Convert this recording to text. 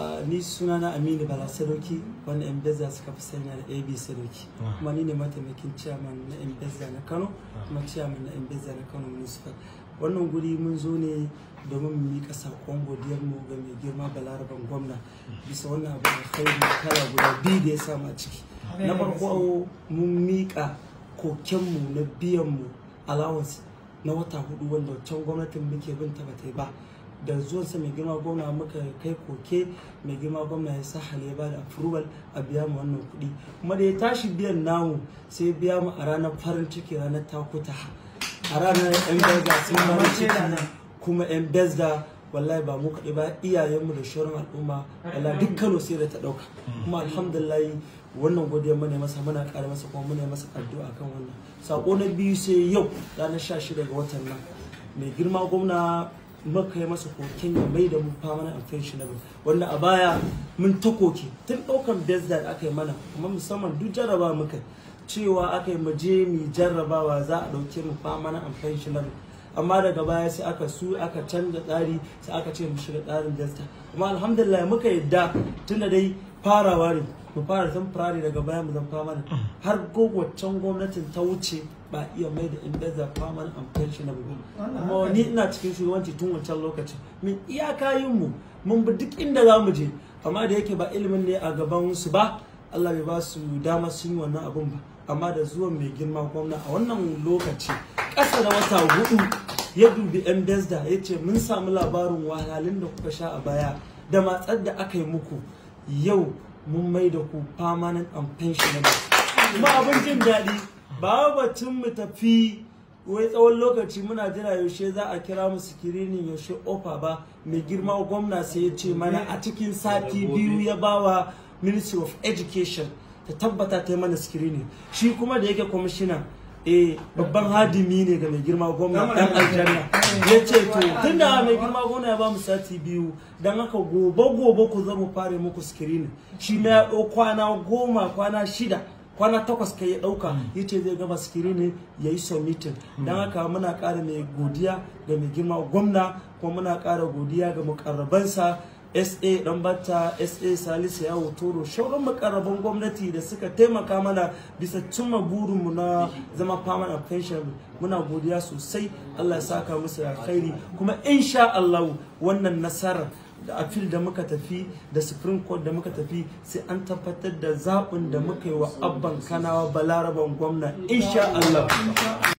Ah, ni suna na aminu bala sadoki wanda embeza suka fi sanya da ab sadoki ah. kuma ni ne mataimakin ciyaman na embeza na kano ah. kuma ciyaman na embeza na kano municipal wannan guri mun zo ne domin mu sakon godiyar mu ga mai girma balaraban gwamna hmm. bisa wannan abu na kai kala guda biyu da ya samu a ciki na farko mun miƙa kokenmu na biyanmu allowance na wata hudu wanda wancan gwamnatin muke bin ta bata yi ba da sa mai girma gwamna muka kai koke mai girma gwamna ya sa hali ya ba da approval a biya mu wannan kuɗi kuma da ya tashi biyan namu sai biya mu a ranar farin ciki ranar takuta a ranar yan bezda sun farin ciki kuma yan bezda wallahi ba mu kaɗai ba iyayenmu da shoron al'umma wallahi duk sai da ta ɗauka kuma alhamdulillah wannan mu ne masa muna ƙara masa kuma ne masa addu'a kan wannan sako na biyu sai yau ranar 16 ga watan nan mai girma gwamna makai masa koken ya mai da mu permanent and pensionable wanda a baya mun ta koke tun ɗaukar bezda da aka yi mana kuma musamman duk jarraba muka cewa aka yi je mu jarrabawa za a ɗauke mu permanent na pensionable amma daga baya sai aka su aka canza tsari sai aka ce mu shiga tsarin bezda amma alhamdulillah muka yadda tunda dai farawa ne mu fara zan zamfara daga baya mu zamfa mana har gogwaccen gwamnatin ta wuce ba iya mai da embezzle permanent na pensionable Amma ni ina cikin shugabanci tun wancan lokacin min iyaka yin mu mun bi duk inda za mu je amma da yake ba ilimin ne a gaban su ba Allah bai ba su dama sun yi wannan abun ba amma da zuwan mai girma gwamna a wannan lokaci ƙasa da wata hudu ya dubi embezzle ya ce mun samu labarin wahalhalun da kuka sha a baya da matsar da aka yi muku yau mun mai da ku permanent and pensionable kuma abin jin daɗi babacin mu tafi wai tsawon lokaci muna jira yaushe za a kira mu sikirinin yaushe ofa ba mai girma gwamna sai ya ce mana a cikin sati biyu ya bawa ministry of education ta tabbata ta yi mana sikirinin shi kuma da yake kwamishina eh babban hadimi ne ga mai girma gwamna dan aljanna ya ce to tunda mai girma gwamna ya ba mu sati biyu don haka gobe gobe ku mu fare muku sikirinin shi ma ya kwana goma kwana shida kwana takwas ka ya dauka mm. ce zai gama ne ya yi submitting mm. don haka muna ƙara mai godiya ga mai girma gwamna kuma muna ƙara godiya ga mukarrabansa sa dan bata sa salisu yawo toro shauran makarraban gwamnati da suka taimaka mana bisa cimma burinmu na zama permanent pension muna godiya sosai allah ya saka musu alkhairi kuma insha allahu wannan nasarar da afil da muka tafi da supreme court da muka tafi sai an tabbatar da zaɓin da muka yi wa abban kanawa balaraban gwamna insha Allah